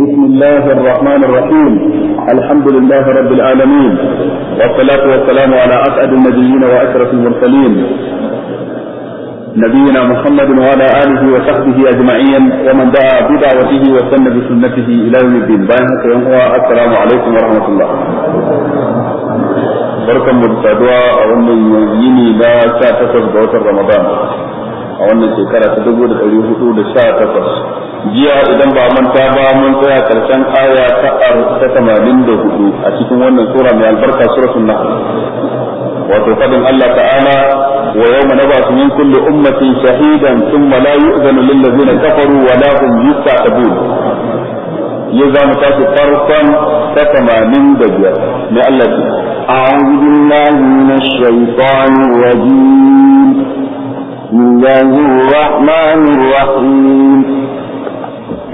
بسم الله الرحمن الرحيم الحمد لله رب العالمين والصلاة والسلام على أسعد النبيين وأشرف المرسلين نبينا محمد وعلى آله وصحبه أجمعين ومن دعا بدعوته وسن بسنته إلى يوم الدين بارك السلام عليكم ورحمة الله barkan mu da saduwa a wannan yini na رمضان ga watan Ramadan a wannan shekara ta dubu da ɗari hudu da sha takwas jiya idan ba manta ba mun tsaya karshen aya ta tamanin da hudu a cikin wannan sura mai albarka suratun nahl wato fadin Allah ta'ala wa yawma nab'athu min kulli ummatin shahidan thumma la yu'zanu lil ladzina kafaru wa la hum yusta'tabun ya za mu tashi farkon ta tamanin da biyar mai Allah ce أعوذ بالله من الشيطان الرجيم بسم الله الرحمن الرحيم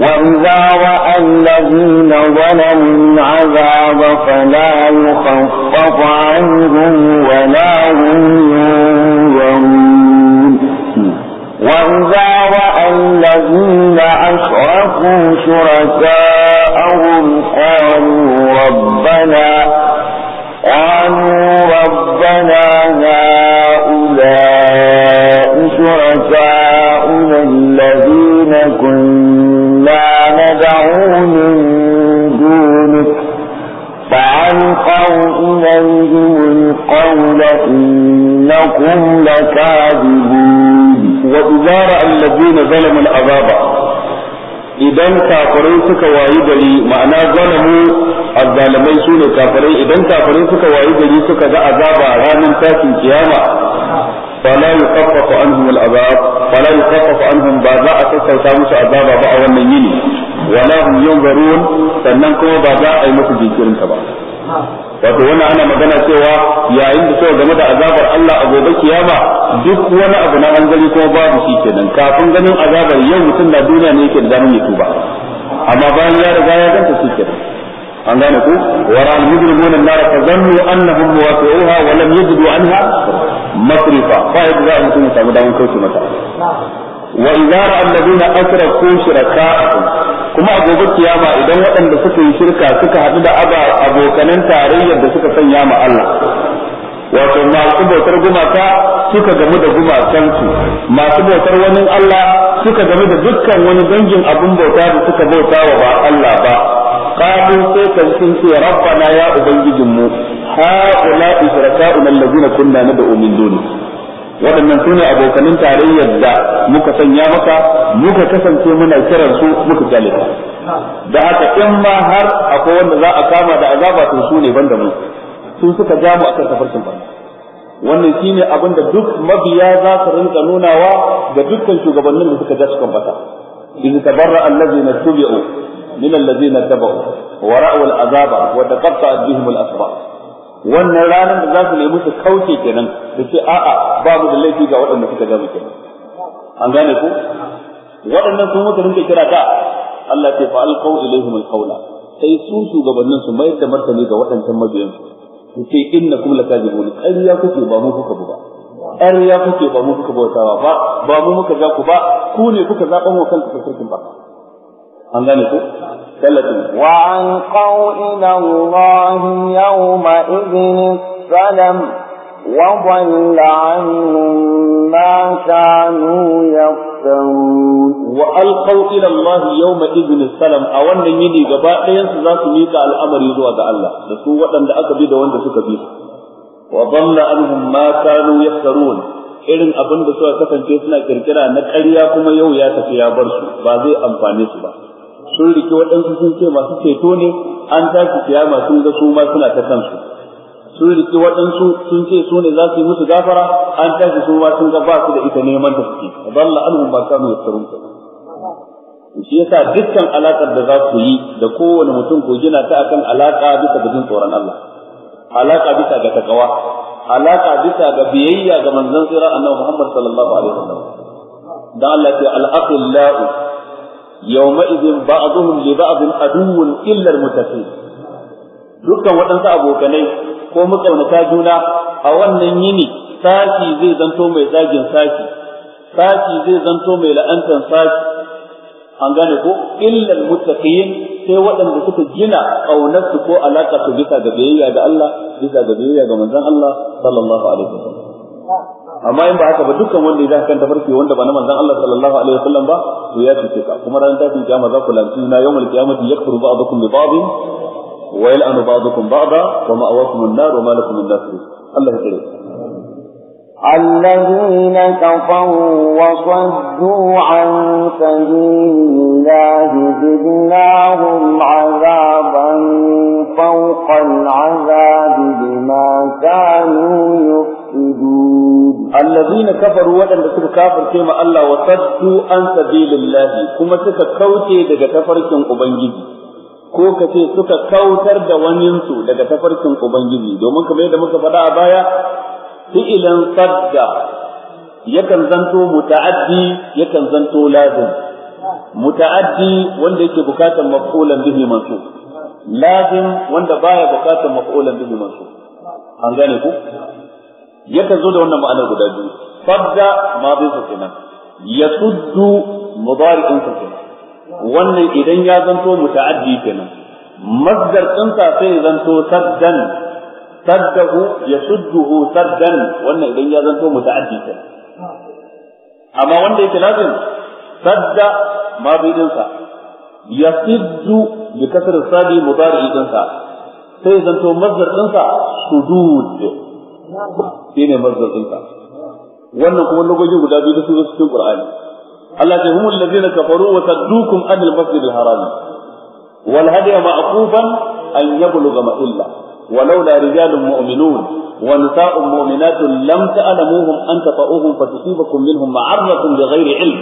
وإذا رأى الذين ظلموا العذاب فلا يخفف عنهم ولا هم ينظرون وإذا رأى الذين أشركوا شركاءهم قالوا ربنا إنكم لكاذبون وإذا رأى الذين ظلموا العذاب idan kafirai suka wayi gari ma'ana zalamu azzalamai su ne kafirai idan kafirai suka wayi gari suka ga azaba ranar tashin kiyama fala yukaffafu anhum al'azab fala yukaffafu anhum ba za a sassauta musu azaba ba a wannan yini wala hum yunzarun sannan kuma ba za a yi musu jinkirin ta ba wato wannan ana magana cewa yayin da suka game da azabar Allah a gobe kiyama duk wani abu na an gani kuma babu shi kenan kafin ganin azabar yau mutum na duniya ne yake da zamin ya tuba amma bayan ya riga ya ganta shi kenan an gane ku wara al-mujrimuna an-nar fa zannu annahum waqi'uha wa lam yajidu anha masrifa fa yadda za mutum ya samu daman kauce mata wa idza ra'a alladhina asrafu shuraka'ahum kuma a gobe kiyama idan waɗanda suka yi shirka suka haɗu da aba abokanan tarayyar da suka sanya ma Allah wato masu bautar gumaka suka gamu da gumakansu masu bautar wani Allah suka gamu da dukkan wani dangin abin bauta da suka bauta wa ba Allah ba Kafin sai kan sun ce rabbana ya ubangijinmu ha'ula israka'una allazina kunna nad'u min dunihi waɗannan su ne abokanin tarayyar da muka sanya maka muka kasance muna kiran su muka kyale da haka in ma har akwai wanda za a kama da azaba to su ne banda mu su suka ja mu akan tafarkin ba. wannan shine abin da duk mabiya za su rinka nunawa ga dukkan shugabannin da suka ja su kan bata إذ تبرأ الذين اتبعوا من الذين azaba, ورأوا العذاب وتقطعت بهم الأسباب wannan ranar da za su nemi su kauce kenan da ce a'a ba mu da laifi ga waɗanda suka ga muke an gane ku waɗannan sun mutu rinka kira ka? Allah ce fa alqaw ilaihim alqawla sai su shugabannin su mai da martani ga waɗancan mabiyan su ce innakum lakazibun ƙarya kuke ba mu kuka bu ba ƙarya kuke ba mu kuka bautawa ba ba mu muka ja ku ba ku ne kuka zaɓan wa kanku sarkin ba an gane ku ثلاثة وألقوا إلى الله يومئذ السلم وضل عنهم ما كانوا يفترون وألقوا إلى الله يوم إذن السلام أولا يني قباء ينسى ذات ميكا الأمر يزوى ذا الله لسوء أن دعك بيدا وان دسك وضل عنهم ما كانوا يفترون irin abin da suka kasance suna kirkira na ƙarya kuma yau ya tafi ya bar su ba zai amfane su ba sun rike waɗansu sun ce masu ceto ne an tashi kiyama sun ga su ma suna ta kansu sun riki waɗansu sun ce su ne za su yi musu gafara an tashi su ma sun ga ba su da ita neman da suke dalla anhum ma kanu yaftarun shi yasa dukkan alaƙar da za ku yi da kowane mutum ko gina ta akan alaƙa bisa ga jin tsoron Allah alaƙa bisa ga takawa alaƙa bisa ga biyayya ga manzon tsira annabi Muhammad sallallahu alaihi wasallam dan Allah ya ce al-aqillau yawma idhin ba'dhum li ba'd aduwwun illa al-muttaqin dukkan waɗansu abokanai ko matsaunata juna a wannan yini sashi zai zanto mai zagin sashi sashi zai zanto mai la'antar sashi an gane ko illal muttaqin sai waɗanda suka gina ƙaunarsu ko alaƙa su bisa ga biyayya da Allah bisa ga biyayya ga manzon Allah sallallahu alaihi wasallam amma in ba haka ba dukkan wanda ya kan tafarki wanda ba na manzon Allah sallallahu alaihi wasallam ba to ya tuce ka kuma ran ta tuce ma za ku lantu na yawmul qiyamati yakfuru ba'dukum bi ba'd ويلعن بعضكم بعضا ومأواكم النار وما لكم من ناصرين الله يسلمك الذين كفروا وصدوا عن سبيل الله زدناهم عذابا فوق العذاب بما كانوا يفسدون الذين كفروا ولم يكن كافر كما الله وصدوا عن سبيل الله كما تكوتي دك ابن جدي ko ka ce suka kautar da waninsu daga tafarkin ubangiji domin kamar yadda muka faɗa a baya fi'ilan sadda yakan zanto muta'addi yakan zanto lazim muta'addi wanda yake bukatan maf'ulan bihi mansu lazim wanda baya bukatan maf'ulan bihi mansu an gane ku yakan zo da wannan ma'anar guda biyu sadda ma bai kenan yasuddu mudari'in kenan wannan idan ya zanto muta'addi kenan masdar tsinta sai zanto saddan saddahu yasudduhu saddan wannan idan ya zanto muta'addi kenan amma wanda yake lazim sadda ma bi dinsa yasuddu bi kasr sadi mudari dinsa sai zanto masdar dinsa sudud shine masdar dinsa wannan kuma lokaci guda biyu da su cikin qur'ani الله هم الذين كفروا kafaru wa المسجد anil والهدي haram أن يبلغ مئلة ولولا رجال مؤمنون ونساء مؤمنات لم تألموهم أن تطأوهم فتصيبكم منهم معرة بغير علم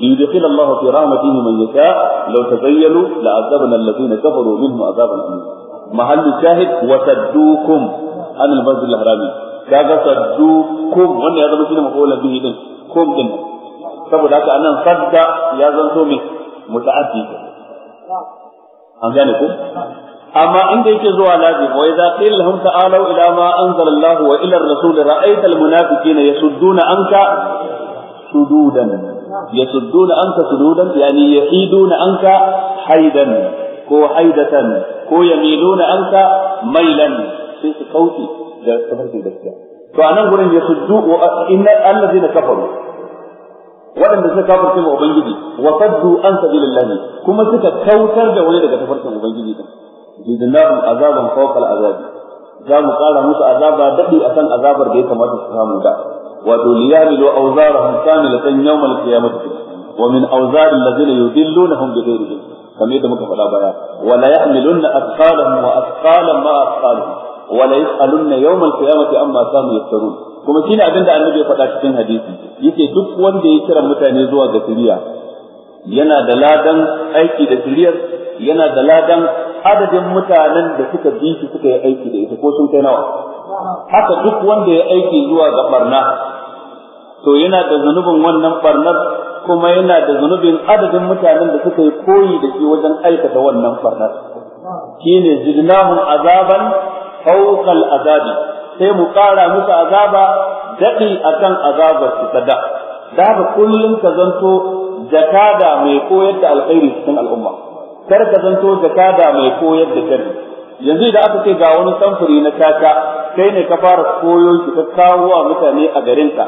ليدخل الله في رحمته من يشاء لو تبينوا لعذبنا الذين كفروا منهم عذابا أليما محل الشاهد وتدوكم عن المسجد الحرام كذا تدوكم وأن هذا مشينا مقولا به كم دنه saboda haka anan sadda ya zanto mai muta'addi an gane ku amma in inda yake zuwa lazi wa idza qila lahum ta'alu ila ma anzala Allah wa ila ar-rasul ra'aita al-munafiqina yasudduna anka sududan yasudduna anka sududan yani yahiduna anka haidan ko haidatan ko yamiluna anka mailan sai su kauce da tafarkin gaskiya to anan gurin yasuddu wa inna allazina kafaru waɗanda suka kafirce wa ubangiji wa saddu an sabilillah kuma suka kautar da wani daga tafarkin ubangiji din jidnahum azaban fawqa al-azab za mu kara musu azaba dadi akan azabar da ya kamata su samu da wato liyamilu awzarahum kamilatan yawm al-qiyamah wa min awzar alladhina yudillunahum bi ghairi ilm kamar yadda muka faɗa baya wa la ya'milunna athqalahum wa athqalan ma athqalahum wa la yas'alunna yawm al-qiyamati amma kanu yaftarun kuma shine abinda annabi ya faɗa cikin hadisi yake duk wanda ya kira mutane zuwa ga siriya yana da ladan aiki da shari'ar yana da ladan adadin mutanen da suka bi shi suka yi aiki da ita ko sun kai nawa haka duk wanda ya aiki zuwa ga barna to yana da zunubin wannan barnar kuma yana da zunubin adadin mutanen da suka yi koyi da shi wajen aikata wannan barnar shine zidnahum azaban fawqa azabi sai mu ƙara musu azaba daɗi akan azabar su kada da da kullum ka zanto jakada mai koyar da alkhairi cikin al'umma kar ka zanto jakada mai koyar da sharri yanzu da aka ce ga wani samfuri na caca kai ne ka fara koyo ki ka kawo wa mutane a garinka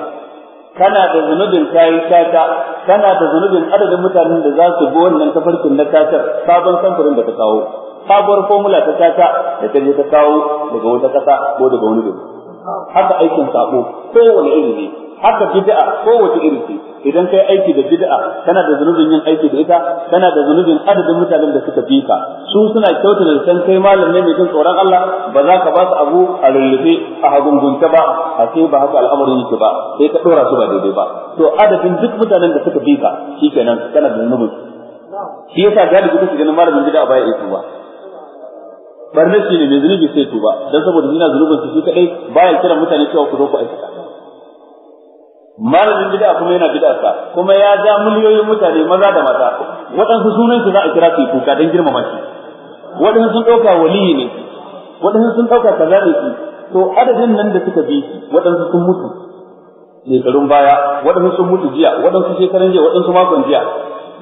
kana da zunubin kayi caca kana da zunubin adadin mutanen da za su bi wannan tafarkin na cacar sabon samfurin da ka kawo sabuwar formula ta tata da ta je ta kawo daga wata kasa ko daga wani gari haka aikin sako kowane iri ne haka bid'a kowace iri ce idan kai aiki da bid'a kana da zunubin yin aiki da ita kana da zunubin adadin mutanen da suka fi ka su suna kyautata da san kai malam ne mai jin tsoron Allah ba za ka ba su abu a rullufe a hagungunta ba a ce ba haka al'amarin yake ba sai ka dora su ba daidai ba to adadin duk mutanen da suka fi ka shikenan kana da zunubin shi yasa galibi kuke ganin malamin bid'a baya iya tuba shi ne mai zunubi sai tuba dan saboda ina zunubin su shi kadai baya kira mutane cewa ku zo ku aikata malamin bid'a kuma yana sa, kuma ya ja miliyoyin mutane maza da mata waɗansu sunan su za a kira su kuka dan girmama shi waɗansu sun ɗauka waliyi ne waɗansu sun ɗauka kaza ne to adadin nan da suka bi waɗansu sun mutu shekarun baya waɗansu sun mutu jiya waɗansu shekaran jiya waɗansu makon jiya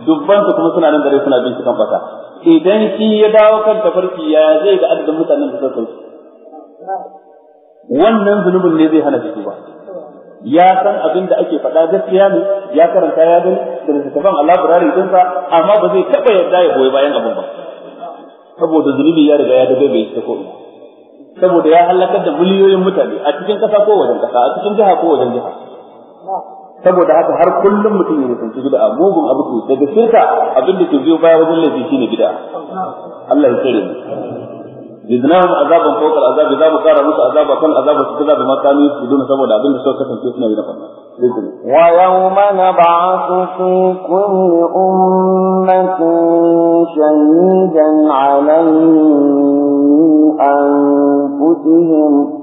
dubban su kuma suna nan dare suna bin su kan fata idan shi ya dawo kan tafarki ya zai ga adadin mutanen da suka kauce wannan zunubin ne zai hana shi ba ya san abin da ake faɗa gaskiya ne ya karanta ya gani da littattafan Allah burari dinsa amma ba zai taɓa yarda ya goyi bayan abin ba saboda zunubi ya riga ya dabe bai ta ko'ina saboda ya halakar da miliyoyin mutane a cikin ƙasa ko wajen ƙasa a cikin jiha ko wajen jiha saboda haka har kullum mutum ya nisanci bid'a mugun abu ko daga shirka abin da ke biyo baya wajen laifi shine gida Allah ya kare mu jidnahum azaban fawqa al'azab idza mukara musu azaba kan azaba su kaza da makani su duna saboda abin da suka kasance suna yi da fanna ويوم نبعث في كل أمة شهيدا عليهم من أنفسهم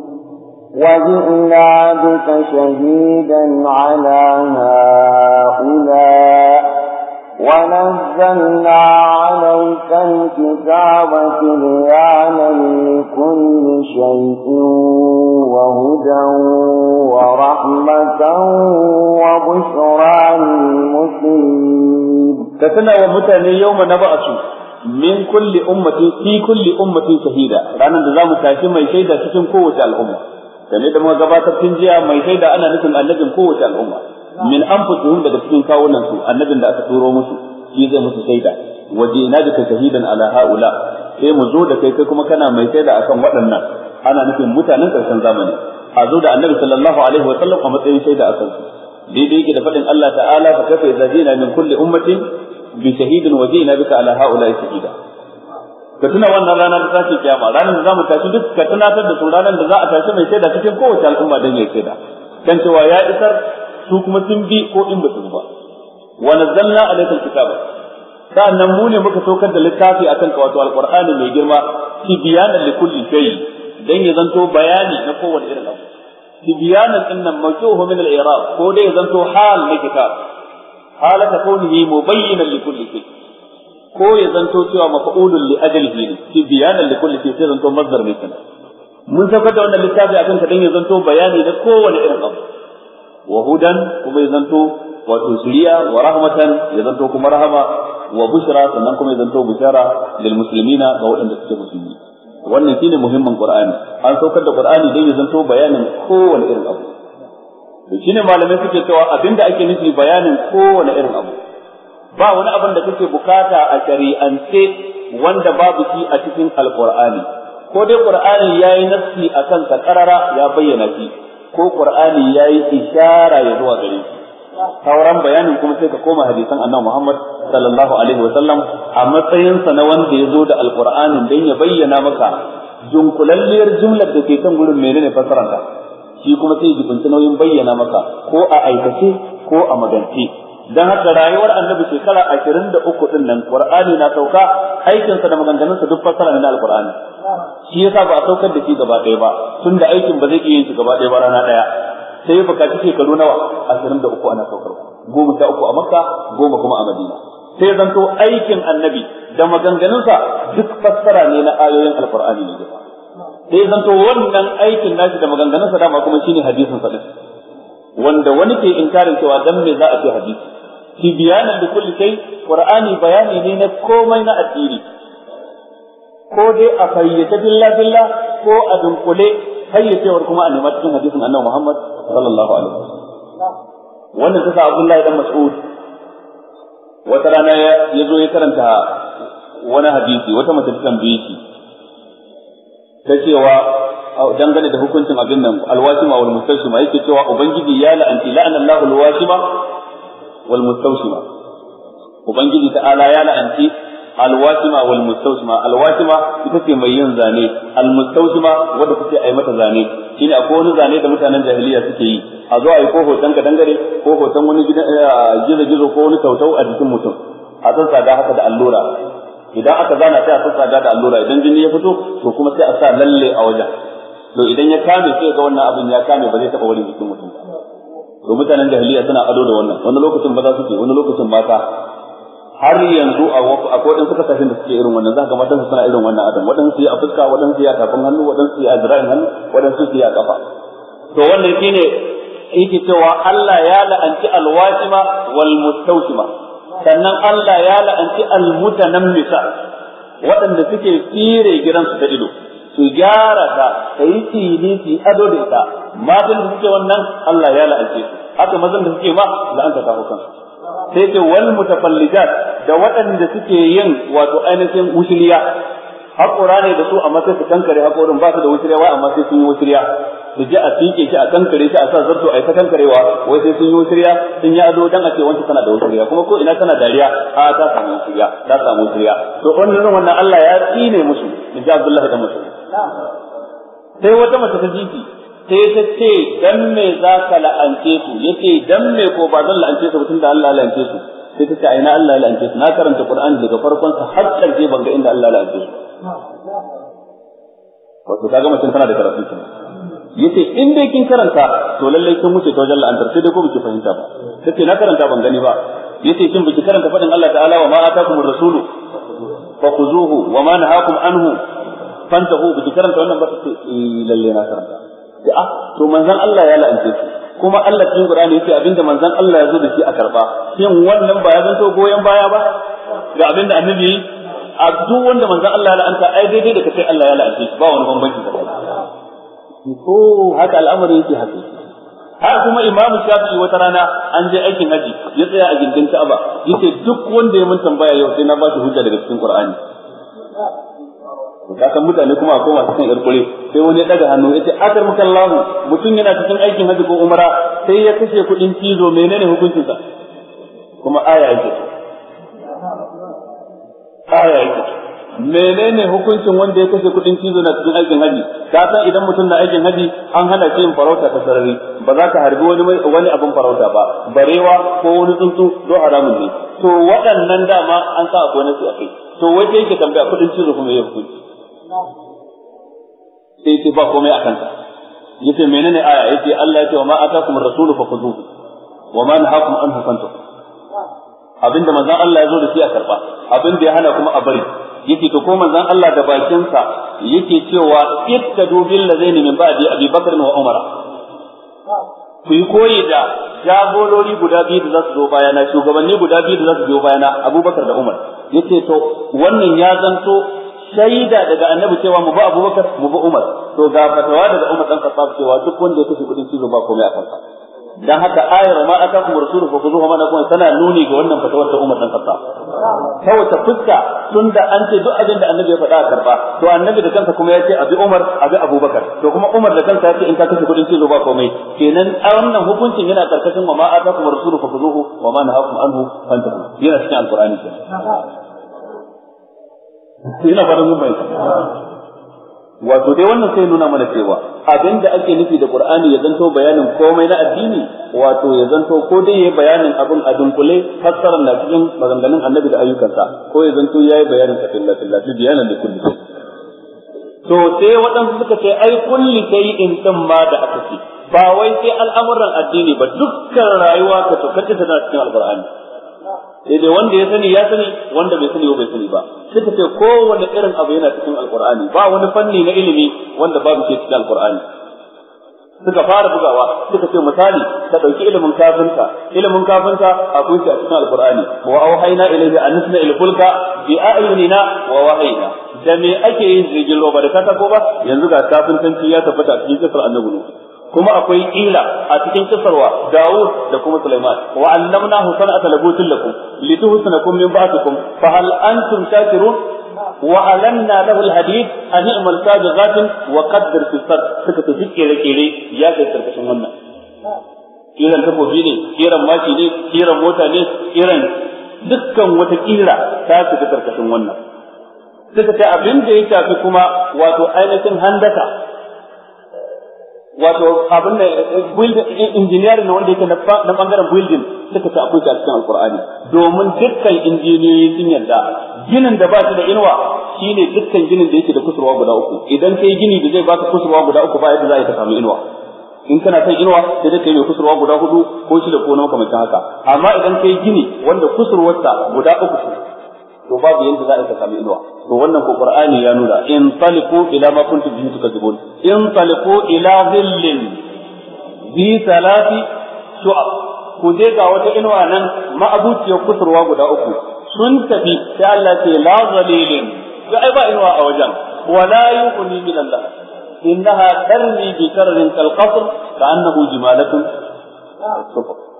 وجئنا بك شهيدا على هؤلاء ونزلنا عليك الكتاب سريانا لكل شيء وهدى ورحمة وبشرى للمسلمين يا ومتاني يوم نبأته من كل أمة في كل أمة شهيدا، لأن النظام كاشم يشيد سكن قوة الأمة kamar da muka gabatar tun jiya mai shaida ana nufin annabin kowace al'umma min anfusihim daga cikin kawunan su annabin da aka turo musu shi zai musu shaida wajina bika shahidan ala haula sai mu zo da kai kai kuma kana mai shaida akan waɗannan ana nufin mutanen karshen zamani a zo da annabi sallallahu alaihi wa sallam a matsayin shaida akan su daidai yake da faɗin Allah ta'ala fa kafa zajina min kulli ummatin bi shahidin wajina bika ala haula shahida ka tuna wannan rana ta tashi kiyama ranar da za mu tashi duk ka tunatar da su ranar da za a tashi mai shaida cikin kowace al'umma dan ya shaida dan cewa ya isar su kuma sun bi ko in ba su ba wa nazzalna alaikal kitaba sa'annan mu ne muka saukar da littafi akan ka wato alqur'ani mai girma tibyanan kulli shay dan ya zanto bayani na kowane irin abu tibyanan dinnan mawjuhu min al-i'rab ko dai ya zanto hal na kitab halaka kaunihi mubayyinan likulli shay ko ya zanto cewa mafa'ulun li ajalihi ne ki bayanan li kulli sai zanto masdar ne kana mun saukar da wannan littafi akan ka dan ya zanto bayani da kowane irin abu wa hudan kuma ya zanto wato shiriya wa rahmatan ya zanto kuma rahama wa bushra sannan kuma ya zanto bushara lil muslimina ga waɗanda suke musulmi wannan shine muhimmin qur'ani an saukar da qur'ani dan ya zanto bayanin kowane irin abu to shine malamai suke cewa abinda ake nufi bayanin kowane irin abu ba wani abin da kake bukata a shari'ance wanda babu shi a cikin alqur'ani ko dai qur'ani yayi nafsi akan ka karara ya bayyana shi ko qur'ani yayi ishara ya zuwa gare shi sauran bayanin kuma sai ka koma hadisan annabi Muhammad sallallahu alaihi wasallam a matsayinsa na wanda ya zo da alkur'ani dan ya bayyana maka junkulalliyar jumlar da ke kan gurin menene fasaranta shi kuma sai jibinta nauyin bayyana maka ko a aikace ko a magance dan haka rayuwar annabi shekara 23 din nan qur'ani na sauka aikin sa da maganganun sa duk fasara ne na alqur'ani shi yasa ba a saukar da shi gaba ɗaya ba tunda aikin ba zai iya yin shi gaba ɗaya ba rana ɗaya sai ya buƙaci shekaru nawa 23 ana saukar goma sha uku a makka goma kuma a madina sai zanto aikin annabi da maganganunsa duk fassara ne na ayoyin alqur'ani ne gaba sai zanto wannan aikin nashi da maganganunsa dama kuma shine hadisin sa wanda wani ke inkarin cewa dan me za a ce hadisi tibyanan da kulli kai qur'ani bayani ne na komai na addini ko dai a fayyace billa billa ko a dunkule fayyacewar kuma a nema cikin hadisin Muhammad wannan ta Abdullahi dan Mas'ud wata rana ya zo ya karanta wani hadisi wata mace ta tambaye shi ta cewa dangane da hukuncin abin nan alwasima wal mustashima yake cewa ubangiji ya la'anti la'ana Allahu alwasima والمستوسمة mustawsima ubangiji ta'ala ya la'anci والمستوسمة الواسمة mustawsima alwasima ita ce mai yin zane al mustawsima wanda kuke ai mata zane shine akwai wani zane da mutanen jahiliya suke yi a zo yi ko hoton ka dangare ko hoton wani gizo ko wani a a tsada da allura idan aka zana sai a tsada da allura idan jini ya fito to kuma sai a sa lalle a wajen to idan ya kame sai ga wannan abin ya kame ba zai taba wani jikin mutum to mutanen jahiliya suna ado da wannan wani lokacin maza suke wani lokacin mata har yanzu a wasu a kodin suka tafi da suke irin wannan za ka matansu suna irin wannan adam waɗansu su yi a fuska waɗansu su yi a tafin hannu waɗansu su yi a zira'in hannu waɗansu su yi a kafa to wannan shine yake cewa Allah ya la'anci alwashima wal mustawshima sannan Allah ya la'anci al mutanammisa waɗanda suke tsire gidansu ta ido su gyara ta ta yi tsini su yi ado da ita matan da suke wannan Allah ya la'alce su haka mazan da suke ma la'an ta kawo kansu sai ce wal mutafallijat da waɗanda suke yin wato ainihin wushiliya haƙura ne da su amma sai su kankare haƙorin ba su da wushiliya wai amma sai sun yi wushiliya su ji a tike shi a kankare shi a sa zarto a yi ta kankarewa wai sai sun yi wushiliya sun yi ado dan a ce wancan tana da wushiliya kuma ko ina tana dariya a ta samu wushiliya ta samu wushiliya to wannan wannan Allah ya tsine musu in ji Abdullahi da musu sai wata mace ta jiki sai ta ce dan me za ka la'ance su yace dan me ko ba zan la'ance su tunda Allah la'ance su sai ta ce a ina Allah la'ance su na karanta Qur'ani daga farkon sa har karshe ban ga inda Allah la'ance su wato kaga mutum tana da karatu kenan yace in dai kin karanta to lallai kin wuce ta wajen la'antar sai dai ko biki fahimta ba sai na karanta ban gani ba yace kin biki karanta fadin Allah ta'ala wa ma atakumur rasulu fa khuzuhu wa ma nahakum anhu fanta ko biki karanta wannan ba su eh lalle na karanta da ah to manzon Allah ya la'ance shi kuma Allah cikin Qur'ani yake abinda manzon Allah ya zo da shi a karba shin wannan ba ya zanto goyen baya ba ga abinda annabi yi a duk wanda manzon Allah ya la'anta ai daidai da kace Allah ya la'ance shi ba wani bambanci da ko haka al'amari yake haka har kuma imamu shafi'i wata rana an je aikin haji ya tsaya a gindin ka'aba yace duk wanda ya mun tambaya yau sai na ba shi hujja daga cikin qur'ani ka san mutane kuma akwai masu cin irkure sai wani ya daga hannu ya ce akar lamu mutum yana cikin aikin haji ko umara sai ya kashe kuɗin cizo menene hukuncinsa kuma aya yake aya yake menene hukuncin wanda ya kashe kuɗin cizo na cikin aikin haji ka san idan mutum na aikin haji an hana shi yin farauta ta sarari ba za ka harbi wani wani abin farauta ba barewa ko wani tsuntsu do haramun ne to waɗannan dama an sa akwai nasu a kai to wai yake tambaya kudin cizo kuma ya kudi sai ce ba komai akan sa yace menene aya yace Allah yace wa ma atakum ar-rasul fa khudhu wa ma nahakum anhu fantahu abinda manzan Allah ya zo da shi a karba abinda ya hana kuma a bari yake to ko manzan Allah da bakinsa yake cewa ittadu dubil ladaini min ba'di Abi Bakr wa Umar ku yi koyi da jagorori guda biyu da za su zo bayana shugabanni guda biyu da za su zo bayana Abubakar da Umar yace to wannan ya zanto shaida daga annabi cewa mu ba Abubakar mu ba Umar to ga fatawa daga Umar dan Khattab cewa duk wanda ya kashe kudin cizo ba komai a kansa dan haka ayar ma aka kuma rasulu fa kuzuhu mana kuma tana nuni ga wannan fatawar ta Umar dan Khattab ta wata fuska tunda an ce duk abin da annabi ya faɗa a karba to annabi da kansa kuma ya ce abi Umar abi Abubakar to kuma Umar da kansa ya ce in ka kashe kudin cizo ba komai kenan a wannan hukuncin yana karkashin wa ma aka kuma rasulu fa kuzuhu wa ma nahakum anhu fantahu yana cikin alqur'ani kenan ina faɗin mun bai wato dai wannan sai nuna mana cewa abin da ake nufi da qur'ani ya zanto bayanin komai na addini wato ya zanto ko dai yayi bayanin abin a dunkule fassarar da cikin maganganun annabi da ayyukansa ko ya zanto yayi bayanin ta filla filla bayanan da kulli to sai waɗansu suka ce ai kulli shay'in din ma da aka ce ba wai sai al'amuran addini ba dukkan rayuwa ka to kace tana cikin alqur'ani sai wanda ya sani ya sani wanda bai sani bai sani ba suka ce kowane irin abu yana cikin alqur'ani ba wani fanni na ilimi wanda babu ke cikin alqur'ani suka fara bugawa suka ce misali ka dauki ilimin kafinta ilimin kafinta akwai shi a cikin alqur'ani wa auhayna ilayhi an nasna ilfulka bi a'yunina wa wahayna da me ake yin jirgin roba da katako ba yanzu ga kafintanci ya tabbata cikin annabu annabi kuma akwai ila a cikin kisarwa Dawud da kuma Sulaiman wa allamnahu sana'ata labutin lakum lituhsinakum min ba'dikum fa hal antum shakirun wa alanna lahu alhadid an i'mal sajighatin wa qaddar fi sad suka tafi kere kere ya kai karkashin wannan kiran takobi ne kiran maki ne kiran mota ne kiran dukkan wata kira ta fi karkashin wannan suka ce abin da ya tafi kuma wato ainihin handaka wato abin da engineering na wanda yake na bangaren building suka ta akwai a cikin alkur'ani domin dukkan injiniyoyi sun yarda ginin da ba shi da inuwa shine dukkan ginin da yake da kusurwa guda uku idan kai gini da zai baka kusurwa guda uku ba yadda za ka samu inuwa in kana kai inuwa sai dai kai mai kusurwa guda hudu ko shi da ko nawa kamar haka amma idan kai gini wanda kusurwarsa guda uku to babu yanda za a ka samu ilwa to wannan ko qur'ani ya nuna in taliqu ila ma kuntum bihi tukadzibun in taliqu ila dhillin bi salati su'a ku je ga wata inwa nan ma ma'abuciyar kusurwa guda uku sun tafi sai Allah ce la zalilin to ai ba inuwa a wajen wala yughni min Allah innaha tarmi bi karrin kal qasr ka annahu jimalatun sufur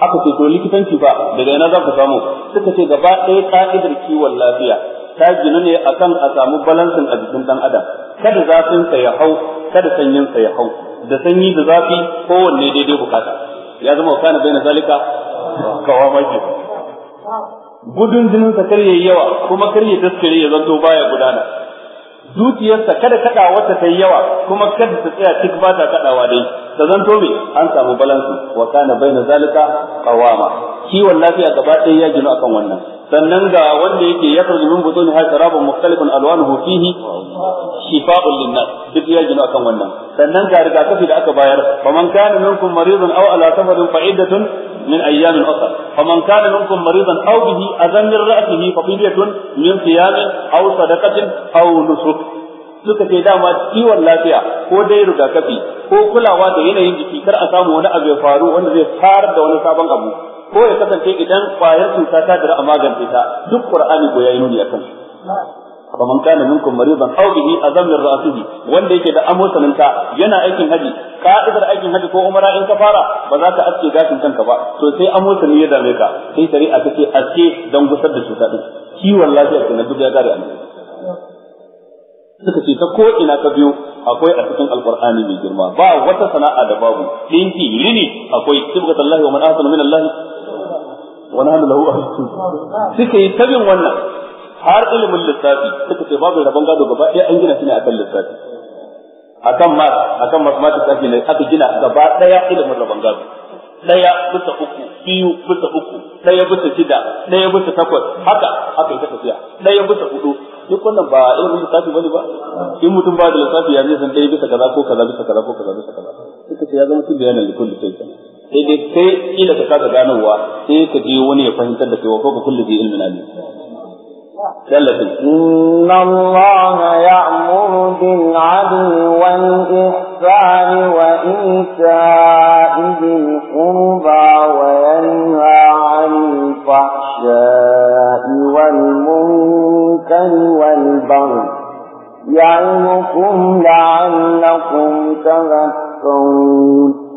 aka ce to likitanci ba daga ina za ku samu suka ce gaba ɗaya ka'idar kiwon lafiya ta ginu ne akan a samu balansin a jikin ɗan adam kada zafin sa ya hau kada sanyin sa ya hau da sanyi da zafi kowanne daidai bukata ya zama kana baina zalika kawamaki gudun jinin sa kar yayi yawa kuma kar ya daskare ya zanto baya gudana zuciyarsa kada kada wata ta yi yawa kuma kada ta tsaya cik ba ta kadawa dai ta zanto an samu balansu wa kana baina zalika qawama kiwon lafiya gaba ɗaya ya gino akan wannan sannan ga wanda yake ya karbi min butun ha tarabun mukhtalifun alwanuhu fihi shifa'un linnas duk ya gino akan wannan sannan ga rigakafi da aka bayar faman kana minkum maridun aw ala safarin fa من أيام أخر فمن كان منكم مريضا أو به أذى من رأسه ففدية من صيام أو صدقة أو نسك suka ce dama kiwon lafiya ko dai rigakafi ko kulawa da yanayin jiki kar a samu wani abu ya faru wanda zai fara da wani sabon abu ko ya kasance idan kwayar cuta ta dira a magance ta duk qur'ani ko yayi nuni akan فمن كان منكم مريضا او به اذى من راسه wanda yake da amosaninta yana aikin haji ka'idar aikin haji ko umara in ka fara ba za ka aske gashin kanka ba to sai amo ne ya dame ka sai shari'a ta ce aske don gusar da cuta din kiwon lafiya kenan duk ya kare annabi suka ce ta ko ina ka biyo akwai a cikin alqur'ani mai girma ba wata sana'a da babu dinki rini akwai tibgatallahi wa man ahsana min allahi wa nahnu lahu ahsun suka yi tabin wannan har ilimin lissafi suka ce babu rabon gado gaba ɗaya an gina shi ne akan lissafi akan ma akan mathematics ake ne aka gina gaba daya ilimin rabon gado daya bisa uku biyu bisa uku daya bisa shida daya bisa takwas haka haka ita tafiya daya bisa hudu duk wannan ba ilimin lissafi bane ba in mutum ba da lissafi ya zai san daya bisa kaza ko kaza bisa kaza ko kaza bisa kaza ita ce ya zama cikin bayanan likulli sai sai dai kai kila ka kasa ganowa sai ka je wani ya fahimtar da kai wa ko ka kulli bi ilmin alim إن الله يأمر بالعدل والإحسان وإيتاء ذي القربى وينهى عن الفحشاء والمنكر والبغي يعظكم لعلكم تذكرون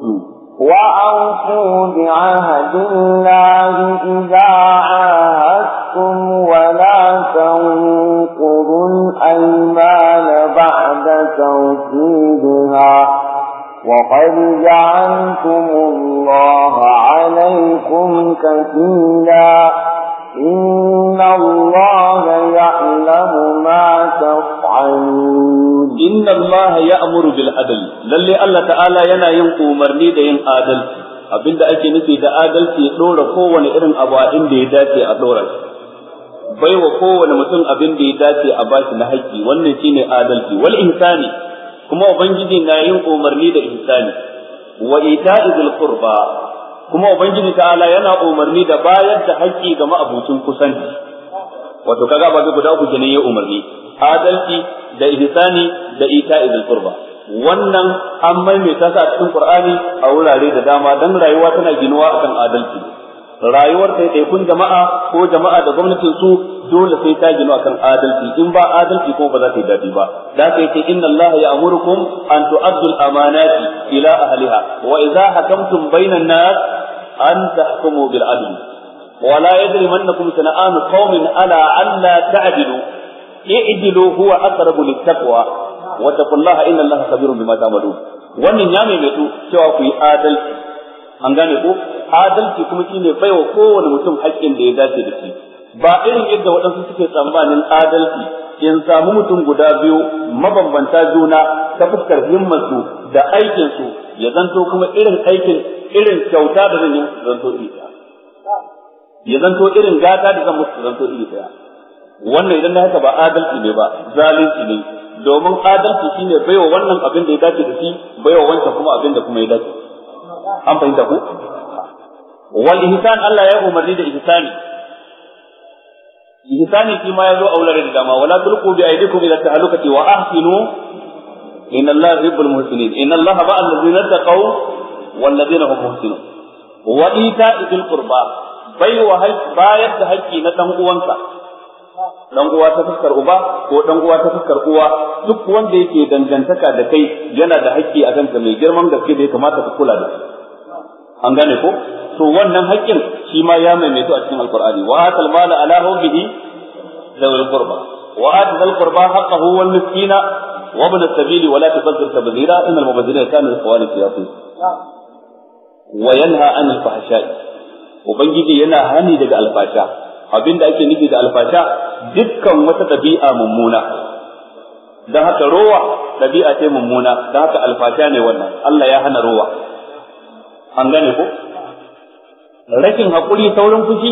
وأوفوا بعهد الله إذا عاهدتم ولا تنقضوا الأيمان بعد توكيدها وقد جعلتم الله عليكم كفيلا إن الله يعلم ما تصنعون inna allaha ya'muru bil adl lalle Allah ta'ala yana yin umarni da yin adalci abinda ake nufi da adalci ya dora kowane irin abu a inda ya dace a dora shi baiwa kowane mutum abin da ya dace a bashi na haƙƙi wannan shine adalci wal insani kuma ubangiji na yin umarni da insani wa ita'izul qurba kuma ubangiji ta'ala yana umarni da bayar da haƙƙi ga ma'abucin kusanci wato kaga ba guda uku ne ya umarni adalci da ihsani da ita'i bil qurba wannan an maimaita ta a cikin qur'ani a wurare da dama dan rayuwa tana ginuwa akan adalci rayuwar sai dai kun jama'a ko jama'a da gwamnatin su dole sai ta ginu akan adalci in ba adalci ko ba za ta yi dadi ba da ka yace inna allaha ya'murukum an tu'addu al-amanati ila ahliha wa idza hakamtum bainan nas an tahkumu bil adl ولا يجرمنكم شنآن قوم على ألا تعدلوا i'dilu huwa aqrabu littaqwa wa taqullaha inna allaha khabirun bima ta'malun wannan ya maimaitu cewa ku yi adalci an gane ko adalci kuma shine baiwa kowane mutum haƙƙin da ya dace da shi ba irin yadda waɗansu suke tsammanin adalci in samu mutum guda biyu mabambanta juna ta fuskar himmarsu da aikinsu ya zanto kuma irin aikin irin kyauta da zan yi zanto iri ya zanto irin gata da zan musu zanto iri ɗaya wannan idan na haka ba adalci ne ba zalunci ne domin adalci shine baiwa wannan abin da ya dace da shi baiwa wancan kuma abin da kuma ya dace an fahimta ku wal ihsan Allah ya umarni da ihsani ihsani shi ma yazo aulare da dama wala tulqu bi aydikum ila tahlukati wa ahsinu inna Allah yuhibbul muhsinin inna Allah ba'a allazina taqaw wal ladina hum muhsinun wa ita'i dhil qurba bai wa bayar da hakki na dan uwanka dan uwa ta fuskar uba ko dan uwa ta fuskar uwa duk wanda yake dangantaka da kai yana da haƙƙi a kanka mai girman gaske da ya kamata ka kula da shi an gane ko to wannan haƙƙin shi ma ya maimaito a cikin alqur'ani wa atal mala ala hubbihi zawil qurba wa atal qurba haqqahu wal miskina wa ibn as-sabili wa la tubazzir tabzira innal mubazzirina kanu ikhwana shayatin wa yanha anil fahsha'i ubangiji yana hani daga alfasha abinda ake nufi da alfasha dukkan wata ɗabi'a mummuna don haka rowa ɗabi'a ce mummuna don haka alfasha ne wannan Allah ya hana rowa an gane ko rashin haƙuri saurin fushi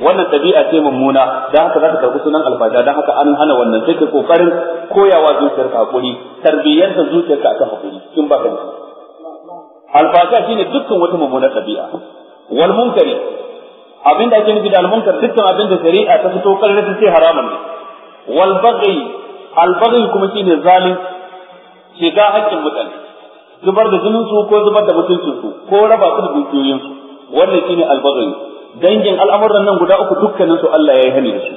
wannan ɗabi'a ce mummuna don haka za ka karɓi sunan alfasha don haka an hana wannan sai ka kokarin koyawa zuciyarka haƙuri zuciyar zuciyarka akan haƙuri kin ba ka alfasha shine dukkan wata mummuna ɗabi'a wal munkari abin da ake nufi da almunkar dukkan abin da shari'a ta fito karar ta ce haramun ne wal baghi al baghi kuma shine zalim shiga haƙƙin mutane zubar da jinin su ko zubar da mutuncin su ko raba su da dukiyoyin su wannan shine al baghi dangin al'amuran nan guda uku dukkanin su Allah ya yi hani da su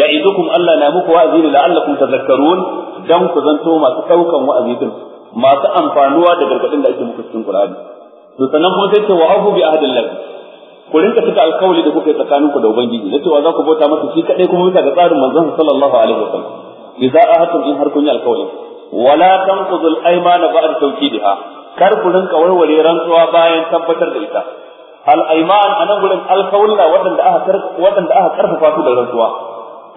ya'idukum Allah na muku wa'azi la'allakum tadhakkarun dan ku zanto masu daukan wa'azi din masu amfanuwa da gargadin da ake muku cikin Qur'ani to sannan kuma sai ce wa afu bi ahdillah ku rinka cika alkawali da kuka yi tsakaninku da ubangiji na cewa za ku bauta masa shi kadai kuma bisa ga tsarin manzon sallallahu alaihi wasallam idza ahatum in har kun yi alkawali wala tanqudu al-aymana ba'da tawkidiha kar ku rinka warware rantsuwa bayan tabbatar da ita al-ayman anan gurin alkawalla wadanda aka wadanda aka karfafa su da rantsuwa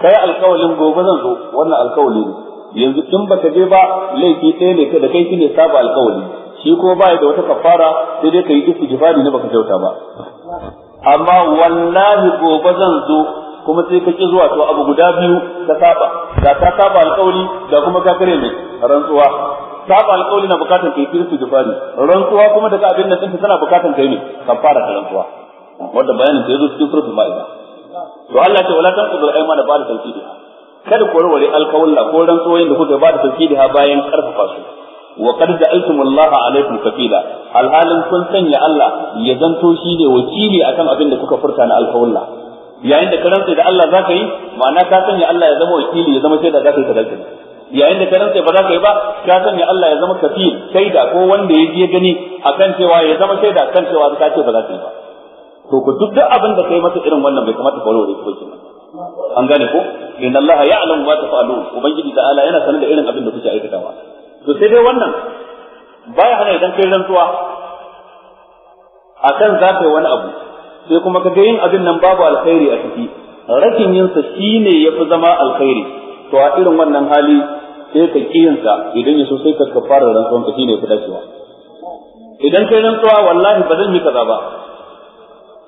kai alkawalin gobe zan zo wannan alkawali ne yanzu in baka je ba laifi ɗaya ne da kai ne saba alkawali shi kuma ba da wata kafara sai dai ka yi kai istighfari ne baka kyauta ba amma wallahi gobe zan zo kuma sai ka ki zuwa to abu guda biyu ka saba ga ta saba alƙawari da kuma ka kare mai rantsuwa saba alƙawari na bukatar kai istighfari rantsuwa kuma daga abin da tsinta tana bukatar kai ne kafara ta rantsuwa wanda bayanin ta yazo cikin suratul ma'ida to Allah ta wala da da aymana da ha. kada ku warware alƙawalla ko rantsuwoyin da kuka ba da ha bayan karfafa su wa qad ja'altum Allah alaikum kafila alhalin kun sanya Allah ya zanto shi ne wakili akan abin da kuka furta na alkawalla yayin da karanta da Allah zaka yi ma'ana ka sanya Allah ya zama wakili ya zama shaida zaka yi sadaka yayin da karanta ba za ka yi ba ka sanya Allah ya zama kafil shaida ko wanda ya je gani akan cewa ya zama shaida kan cewa ka ce ba za yi ba to ku duk abin da kai masa irin wannan bai kamata ka warware ko kenan an gane ko inna Allah ya'lamu ma tafa'alun ubangiji ta'ala yana sanin da irin abin da kuke aikatawa to sai dai wannan baya hana idan kai rantsuwa akan za ka yi wani abu sai kuma ka ga yin abin nan babu alkhairi a ciki rakin yinsa shine yafi zama alkhairi to a irin wannan hali sai ka kiyinsa idan ya so sai ka fara rantsuwan ka shine yafi dacewa idan kai rantsuwa wallahi ba zan yi kaza ba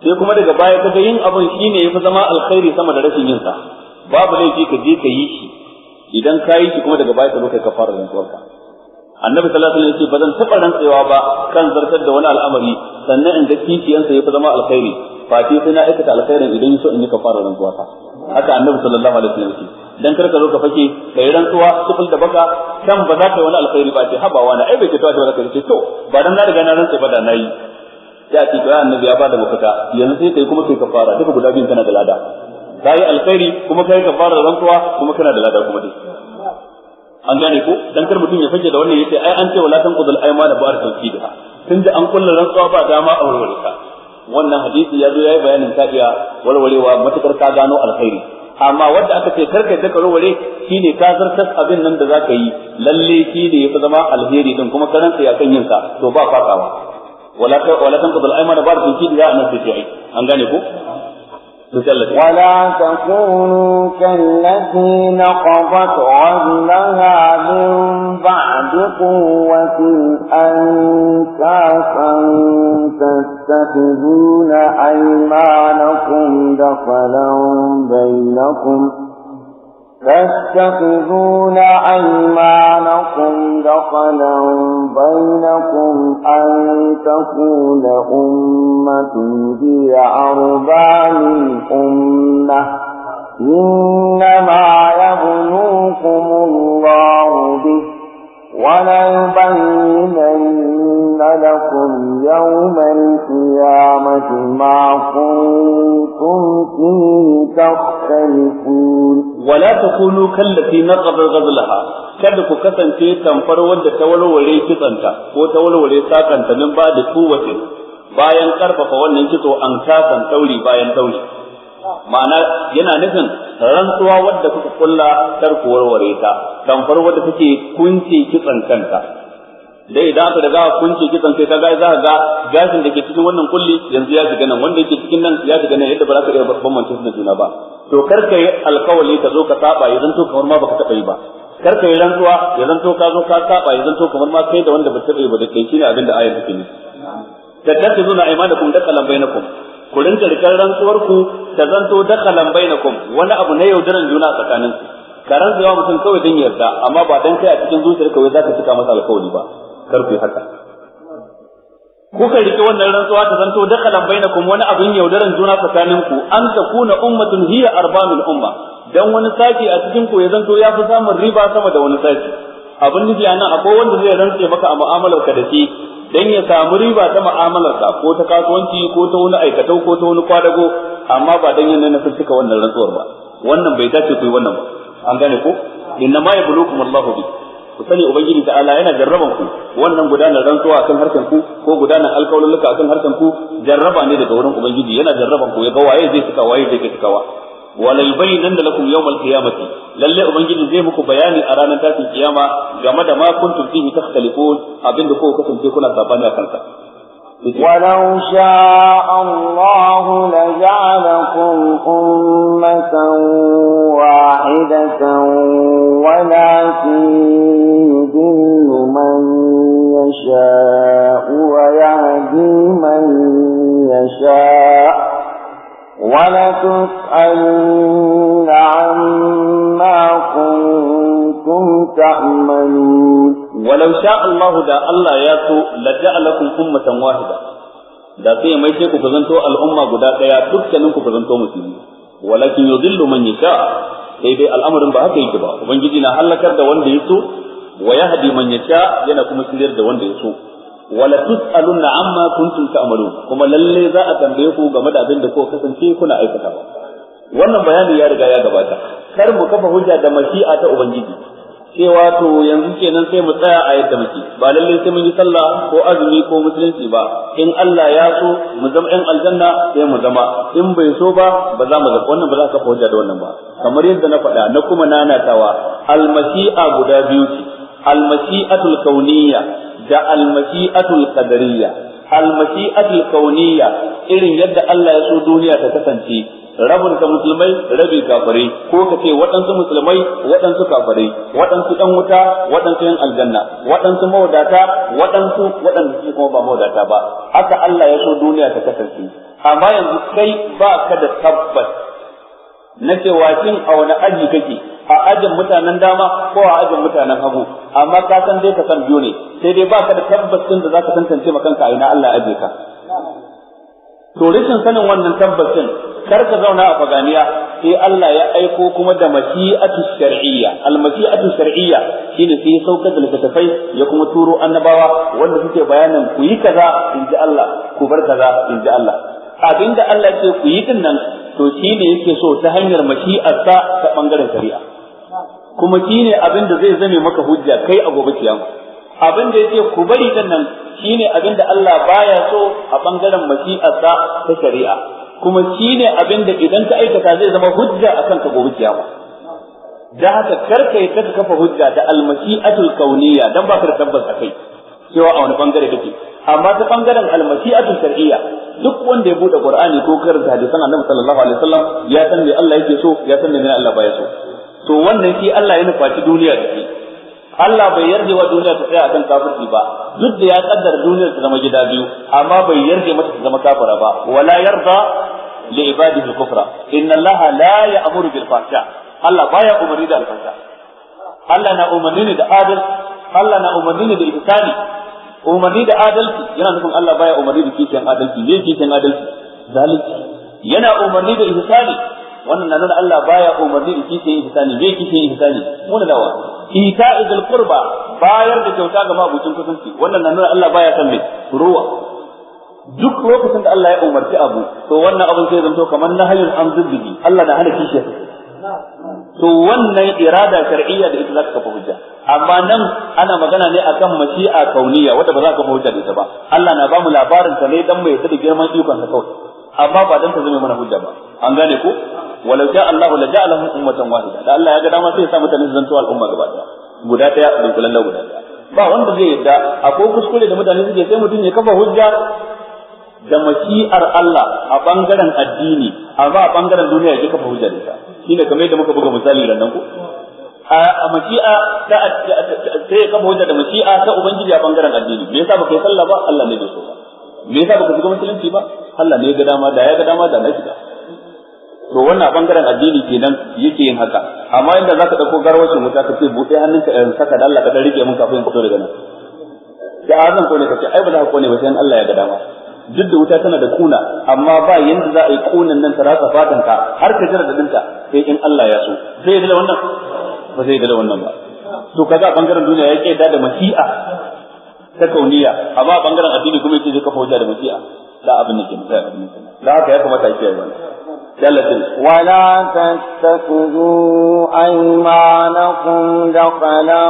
sai kuma daga baya ka ga yin abin shine yafi zama alkhairi sama da rashin yinsa babu laifi ka je ka yi shi idan ka yi shi kuma daga baya ka zo kai ka fara rantsuwarka annabi sallallahu alaihi wasallam ba zan taba rantsewa ba kan zartar da wani al'amari sannan in ga kishiyansa ya fi zama alkhairi fati sai na aikata alkhairin idan so in yi kafara rantsuwa ta haka annabi sallallahu alaihi wasallam ce dan karka zo ka fake kai rantsuwa sifil da baka kan ba za ka yi wani alkhairi ba ce haba wani ai bai ce ta ba ka ce to ba dan na riga na rantsa ba da nayi ya ce to annabi ya bada mafita yanzu sai kai kuma kai kafara duka guda biyun kana da lada kai alkhairi kuma kai kafara rantsuwa kuma kana da lada kuma dai an gane ko dan kar mutum ya fage da wannan yace ai an ce wala tan qudul ayma da ba'ar tun da an kullu rantsuwa ba dama a warware ka wannan hadisi ya zo yayi bayanin ka iya warwarewa matakar ka gano alkhairi amma wanda aka ce karka da ka warware shine ka zartas abin nan da zaka yi lalle shi ne yafi zama alheri din kuma karanta ya kan yin sa to ba fatawa wala wala tan qudul ayma da ba'ar tawkidiha an ce an gane ko ولا تكونوا كالتي نقضت غزلها من بعد قوة أنكاسا تستخدمون أيمانكم دخلا بينكم تتخذون أيمانكم دخلا بينكم أن تكون أمة هي أربى من أمة إنما يبلوكم الله به وليبينن لكم يوم القيامة ما كنتم فيه تختلفون ولا تكونوا كالتي نقضت غزلها kada ku kasance tamfar wadda ta warware kitsanta ko ta warware sakanta nan ba da kuwatin bayan karfafa wannan kitso an kasan tauri bayan tauri ma'ana yana nufin rantsuwa wadda kuka kulla kar ku warware ta tamfar wadda take kunce kitsan kanta dai idan aka a kunce kitsan kai kaga za ga gashin da ke cikin wannan kulli yanzu ya shiga nan wanda yake cikin nan ya shiga nan yadda ba za ka iya bambance su da juna ba to kar ka yi alkawali ka zo ka saba ya to kamar ma baka taba yi ba kar ka yi rantsuwa ya to ka zo ka saba ya to kamar ma kai da wanda ba taɓa yi ba da kai shine abin da ayar da ne tattakhizuna aymanakum dakalan bainakum ku rinka rikar rantsuwar ku ta zanto dakhalan bainakum wani abu na yaudaran juna tsakanin ku ka rantsuwa mutum kawai dan yarda amma ba dan kai a cikin zuciyar kawai zaka cika masa alkawari ba kar ku haka kuka rike wannan rantsuwa ta zanto dakhalan bainakum wani abin yaudaran juna tsakanin ku an kuna ummatun hiya arbamil umma dan wani sati a cikin ku ya zanto ya fi samun riba sama da wani sati abin nufi a nan akwai wanda zai rantse maka a mu'amalar ka da shi dan ya samu riba ta mu'amalar sa ko ta kasuwanci ko ta wani aikatau ko ta wani kwadago amma ba dan yana nufin cika wannan rantsuwar ba wannan bai dace ku yi wannan ba an gane ko inna ma yabluukum Allahu bi ku sani ubangiji ta'ala yana jarraban ku wannan gudanar rantsuwa kan harkan ku ko gudanar alkawalluka kan harkan ku jarraba ne daga wurin ubangiji yana jarraban ku ya ga waye zai cika waye zai wa wala yubayyinanna lakum yawmal qiyamati lalle ubangiji zai muku bayani a ranar tashin kiyama game da ma kuntum fihi takhtalifun abinda ko kasance kuna sabani a kansa ولو شاء الله لجعلكم أمة واحدة ولكن يضل من يشاء ويهدي من يشاء ولتسألن يسألون عما كنتم تعملون ولو شاء الله دا الله ياتو لجعلكم أمة واحدة da sai mai ce ku kazanto al'umma guda daya dukkanin ku kazanto musulmi walakin yudillu man yasha sai dai al'amarin ba haka yake ba ubangiji na halakar da wanda yaso wa yahdi man yasha yana kuma shiryar da wanda yaso wala tus'alunna amma kun kuntum ta'malun kuma lalle za a tambaye ku game da abin da ko kasance kuna aikata ba wannan bayani ya riga ya gabata kar mu kafa hujja da masi'a ta ubangiji cewa to yanzu kenan sai mu tsaya a yadda muke ba lalle sai mun yi sallah ko azumi ko musulunci ba in Allah ya so mu zama ɗan aljanna sai mu zama in bai so ba ba za mu zama wannan ba za ka kafa hujja da wannan ba kamar yadda na faɗa na kuma nanatawa almasi'a guda biyu ce almasi'atul kauniyya da almasi'atul qadariyya almasi'atul kauniyya irin yadda Allah ya so duniya ta kasance rabin ka musulmai rabi kafirai ko ka ce waɗansu musulmai waɗansu kafirai waɗansu ɗan wuta waɗansu yan aljanna waɗansu mawadata waɗansu waɗansu su kuma ba mawadata ba haka Allah ya so duniya ta kasance amma yanzu kai ba ka da tabbas na cewa shin a wani aji kake a ajin mutanen dama ko a ajin mutanen hagu amma ka san dai ka san biyu ne sai dai ba ka da tabbas ɗin da za ka tantance ma kanka a ina Allah ya aje ka to rashin sanin wannan tabbacin kar ka zauna a faganiya sai Allah ya aiko kuma da mashi'atu shar'iyya al mashi'atu shar'iyya shine sai ya saukar da littattafai ya kuma turo annabawa wanda suke bayanin ku yi kaza in ji Allah ku bar kaza in ji Allah abinda Allah ce ku yi din nan to shine yake so ta hanyar mashi'arsa ta bangaren shari'a kuma shine abin da zai zame maka hujja kai a gobe kiyama abin da yake ku bari din nan shine abin da Allah baya so a bangaren mashi'arsa ta shari'a kuma shi ne abin da idan ka aikata zai zama hujja a kanka gobe kiyama da haka karka yi ka kafa hujja da almasi almasi'atul kauniyya don ba ka da tabbas a kai cewa a wani bangare kake amma ta bangaren almasi almasi'atul shar'iyya duk wanda ya bude qur'ani ko karanta hadisan annabi sallallahu alaihi wasallam ya san me Allah yake so ya san me Allah baya so to wannan shi Allah ya nufaci duniya da shi Allah bai yarda wa duniya ta tsaya akan kafirci ba duk da ya kaddar duniyar ta zama gida biyu amma bai yarda mata ta zama kafira ba wala yarda li ibadihi kufra inna allaha la ya'muru bil fahsha Allah baya umarni da alfasha Allah na umarni ne da adal Allah na umarni ne da ihsani umarni da adalci yana nufin Allah baya umarni da kishin adalci ne kishin adalci zalunci yana umarni da ihsani wannan na nuna Allah baya umarni da kishin ihsani ne kishin ihsani mun dawa ita'i dal bayar da kyauta ga mabucin kusanci wannan na nuna Allah baya san duk lokacin da Allah ya umarci abu to wannan abun sai zanto kamar nahyul an zubbi Allah na hana kishi to wannan irada shar'iyya da ita ka kafa hujja amma nan ana magana ne akan mashi'a kauniya wanda ba za ka hujja da ita ba Allah na bamu labarin ta ne dan mai sadi girman ikon sa kawai amma ba dan ta zama mana hujja ba an gane ko walau ja Allahu la ja'alahum ummatan wahida da Allah ya ga dama sai ya sa mutane zanto al'umma gaba daya guda daya dunkulan guda daya ba wanda zai yadda akwai kuskure da mutane suke sai mutum ya kafa hujja da maki'ar Allah a bangaren addini amma a bangaren duniya ya kafa hujja da shine kamar yadda muka buga misali ran nan ko a maki'a ta sai kafa hujjar da maki'a ta ubangiji a bangaren addini me yasa baka yi sallah ba Allah ne bai so ba me yasa baka shiga musulunci ba Allah ne ya ga dama da ya ga dama da na shiga to wannan a bangaren addini kenan yake yin haka amma inda zaka dauko garwacin wuta ka ce bude hannunka in saka da Allah ka dan rike mun kafin fito daga nan da azan ko ne kace ai ba za ka kone ba sai Allah ya ga dama duk da wuta tana da kuna amma ba yanda za a yi kunan nan ta ratsa fatan ka har ka jira da dinka sai in Allah ya so sai ya da wannan ba sai yi da wannan ba to kaga a bangaren duniya ya kaida da masi'a ta kauniya amma a bangaren addini kuma yake zai kafa hujja da masi'a da abin da ke mutaya abin da ke da haka ya kamata a kiyaye wannan ولا تتخذوا أيمانكم دخلا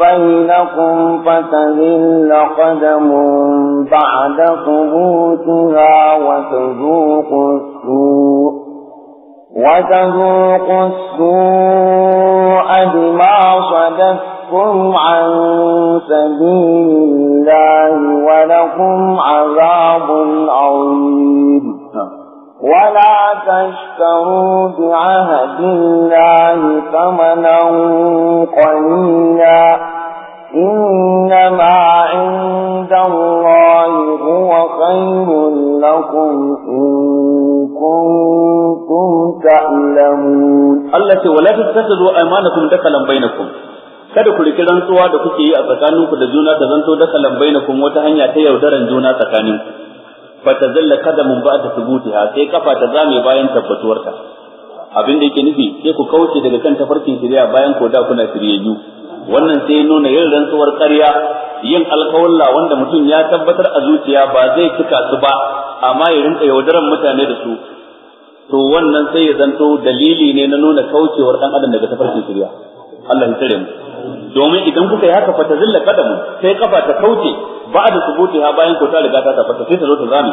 بينكم فتذل قدم بعد ثبوتها وتذوقوا السوء وتذوقوا السوء بما صدفتم عن سبيل الله ولكم عذاب عظيم ولا تشتروا بعهد الله ثمنا قليلا إنما عند الله هو خير لكم إن كنتم تعلمون التي ولا تتخذوا أيمانكم دخلا بينكم kada ku riki rantsuwa da kuke yi a tsakaninku da juna ta zanto dakalan bainakum wata hanya ta yaudaran juna tsakaninku fatazalla qadamun ba'da thubutiha sai kafa ta zame bayan tabbatuwarta abin da yake nufi sai ku kauce daga kan tafarkin shari'a bayan ko da kuna shiryayyu wannan sai ya nuna yin rantsuwar ƙarya yin alƙawalla wanda mutum ya tabbatar a zuciya ba zai cika su ba amma ya rinka yaudaran mutane da su to wannan sai ya zanto dalili ne na nuna kaucewar ɗan adam daga tafarkin shari'a Allah ya tsare mu domin idan kuka yi haka fa tazilla qadamu sai kafa ta kauce ba'da subutiha bayan ko ta riga ta tabbata sai ta zo ta zame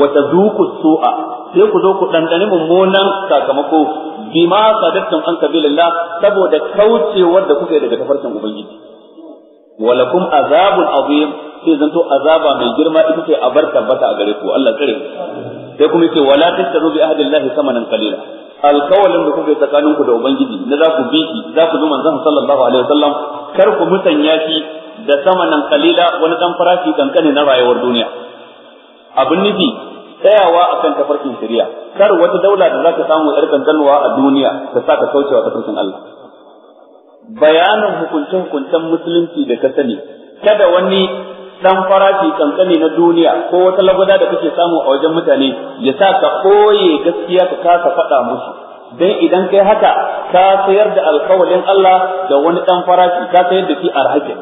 wa tazuku su'a sai ku zo ku dandane mummunan sakamako bima sadattum an kabilillah saboda kaucewar da kuke daga tafarkin ubangiji walakum azabun azim sai zanto azaba mai girma ita ce a bar tabbata a gare ku Allah kare sai kuma yace wala tattaru bi ahdillahi samanan qalila alkawalin da kuke tsakaninku da ubangiji na za ku bi za ku zo manzon sallallahu alaihi wasallam kar ku musanya shi da sama nan kalila wani dan farashi kankane na rayuwar duniya abin nufi tsayawa a kan tafarkin shari'a kar wata daula da za ta samu yar kankanuwa a duniya ta ta kaucewa tafarkin Allah bayanin hukuncin hukuncen musulunci da ka sani kada wani dan farashi kankane na duniya ko wata lagwada da kake samu a wajen mutane ya sa ka koye gaskiya ka kasa faɗa musu dan idan kai haka ka sayar da alkawalin Allah da wani dan farashi ka sayar da shi a arhakin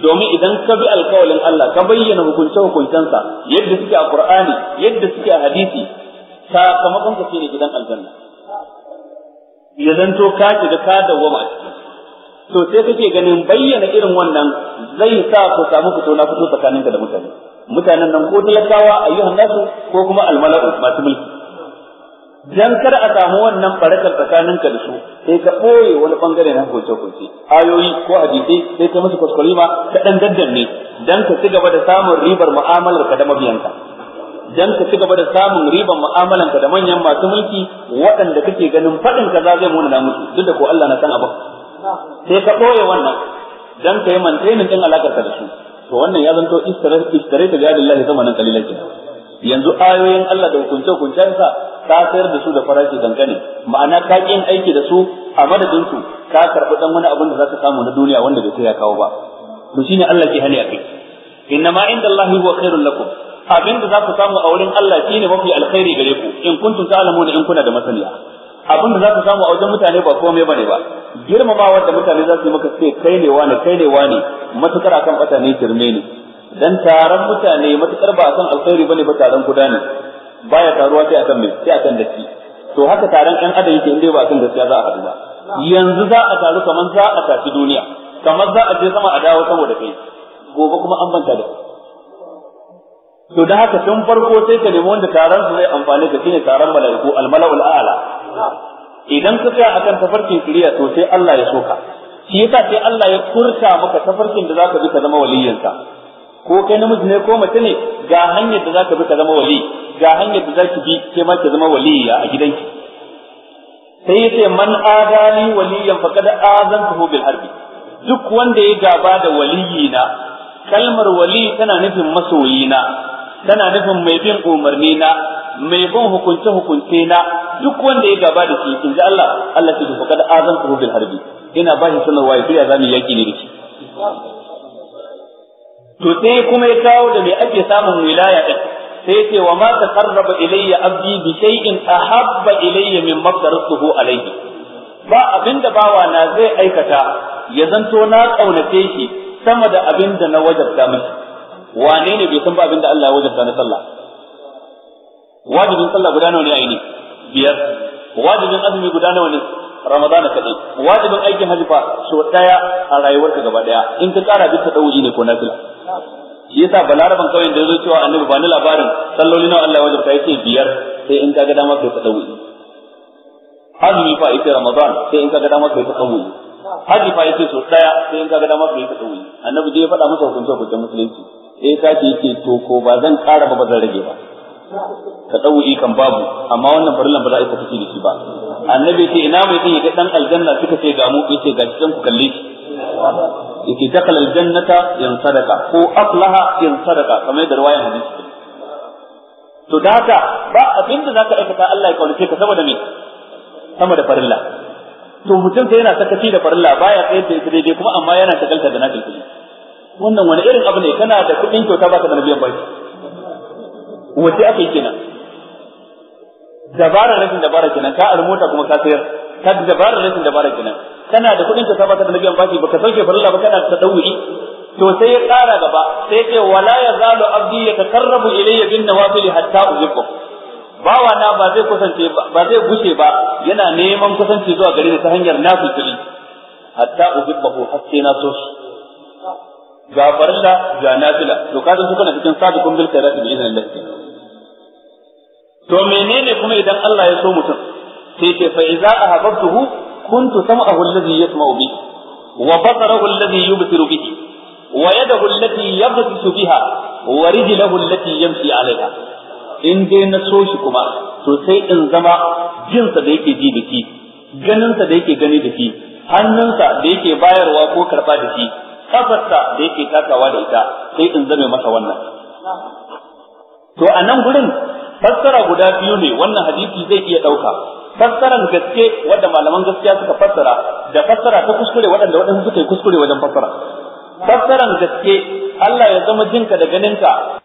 domin idan ka bi alkawalin Allah ka bayyana hukunce hukuncensa yadda suke a Qur'ani yadda suke a hadisi kama kanka ce ne gidan aljanna ya zanto ka da ka dawwama ciki to sai kake ganin bayyana irin wannan zai sa ku samu fito na fito tsakaninka da mutane mutanen nan ko talakawa ayyuhan nasu ko kuma almala'u masu mulki dan kar a samu wannan barakar tsakaninka da su sai ka boye wani bangare na goce goce ayoyi ko hadisi sai ka musu kuskurima ka dan daddanne dan ka ci gaba da samun ribar mu'amalar ka da mabiyanka dan ka ci gaba da samun ribar mu'amalar ka da manyan masu mulki waɗanda kake ganin faɗin za zai muna na musu duk da ko Allah na san abin sai ka boye wannan dan ka yi mantainin din alakar ka da su to wannan ya zanto istare istare Allah ya zama nan kenan yanzu ayoyin Allah da hukunce hukuncensa ka sayar da su da farashi dangane ma'ana ka yin aiki da su a madadin su ka karɓi dan wani abin da za ka samu na duniya wanda bai ya kawo ba to shine Allah ke hali akai inna ma inda Allah huwa khairul lakum abin da zaku samu a wurin Allah shine mafi alkhairi gare ku in kuntum ta'lamuna in kuna da masaniya abin da za zaku samu a wajen mutane ba komai bane ba girmamawar da mutane za su yi maka sai kai ne wani kai ne wani matukar akan bata ne ne dan taron mutane matukar ba a san alkhairi bane ba taron guda ne baya taruwa sai akan me sai akan dace to haka taron ɗan adam yake inda ba a san gaskiya za a haɗu ba yanzu za a taru kamar za a tafi duniya kamar za a je sama a dawo saboda kai gobe kuma an manta da to da haka tun farko sai ka nemi wanda taron su zai amfani ka shine taron mala'iku almala'ul a'la idan ka tsaya akan tafarkin kiriya to sai Allah ya soka shi yasa sai Allah ya furta maka tafarkin da zaka bi ka zama waliyinsa ko kai namiji ne ko mace ne ga hanyar da za ka bi ka zama wali ga hanyar da za ki bi ke ma ki zama wali a gidanki sai yace man adali waliyan faqad azantuhu bil harbi duk wanda ya gaba da waliyina kalmar wali tana nufin masoyina tana nufin mai bin umarni na mai bin hukunce hukunce na duk wanda ya gaba da shi in ji Allah Allah ce faqad azantuhu bil harbi ina ba shi sanarwa ya zamu yaki ne da shi to sai kuma ya kawo da me ake samun wilaya din sai ce wa ma karraba ilayya abdi bi shay'in ahabba ilayya min taraktuhu alayhi ba abinda bawa na zai aikata ya zanto na kaunace shi sama da abinda na wajabta masa wane ne bai san ba abinda Allah ya wajabta na sallah wajibin sallah guda nawa ne aini biyar wajibin azumi guda nawa ne ramadana kadai wajibin aikin hajji fa so daya a rayuwarka gaba daya in ka kara duk ta dawoji ne ko nafila shi yasa balaraban kawai da yazo cewa annabi ba ni labarin salloli nawa Allah ya wajabta yake biyar sai in kaga dama kai tadawi azumi fa ita ramadan sai in kaga dama kai dawo haji fa yake so daya sai in kaga dama kai dawo annabi dai ya faɗa masa hukunce hukuncen musulunci eh ka ce yake to ko ba zan ƙara ba ba zan rage ba tadawi kan babu amma wannan farillan ba za a yi tafi da shi ba annabi ce ina mai son ya ga dan aljanna suka ce ga mu yace ga cikin ku kalle shi yake dakala aljannata yan sadaka ko aflaha yan sadaka kamar da riwayar hadisi to da haka ba abin da zaka aikata Allah ya kaunace ka saboda me sama da farilla to mutum sai yana sakaci da farilla baya tsayar da ita daidai kuma amma yana shagalta da nafil kuɗi wannan wani irin abu ne kana da kuɗin kyauta baka da na biyan baki wace ake kenan dabara rashin dabara kenan ka mota kuma ka sayar ka dabara rashin dabara kenan kana da kuɗin ka saba ka da biyan bashi baka sauke farilla ba kana ta dawuri to sai ya ƙara gaba sai ce wala yazalu abdi yatakarrabu ilayya bin nawafil hatta uhibbu bawa na ba zai kusance ba zai gushe ba yana neman kusanci zuwa gare ni ta hanyar nafilfili hatta uhibbu hatta na so ga farilla ga nafila to ka san kuna cikin sabiqun bil khairati bi idhnillah to menene kuma idan Allah ya so mutum sai ce fa iza ahabtuhu kuntu sam'ahu alladhi yasma'u bihi wa basarahu alladhi yubsiru bihi wa yadahu allati yabtashu biha wa rijluhu allati yamshi 'alayha in dai na so shi kuma sosai sai in zama jinsa da yake ji da shi ganinsa da yake gani da shi hannunsa da yake bayarwa ko karɓa da shi kafarsa da yake takawa da ita sai in zame masa wannan to a nan gurin fassara guda biyu ne wannan hadisi zai iya ɗauka fassaran gaske wadda malaman gaskiya suka fassara da fassara ta kuskure waɗanda waɗansu suka yi kuskure wajen fassara fassaran gaske Allah ya zama jinka da ganinka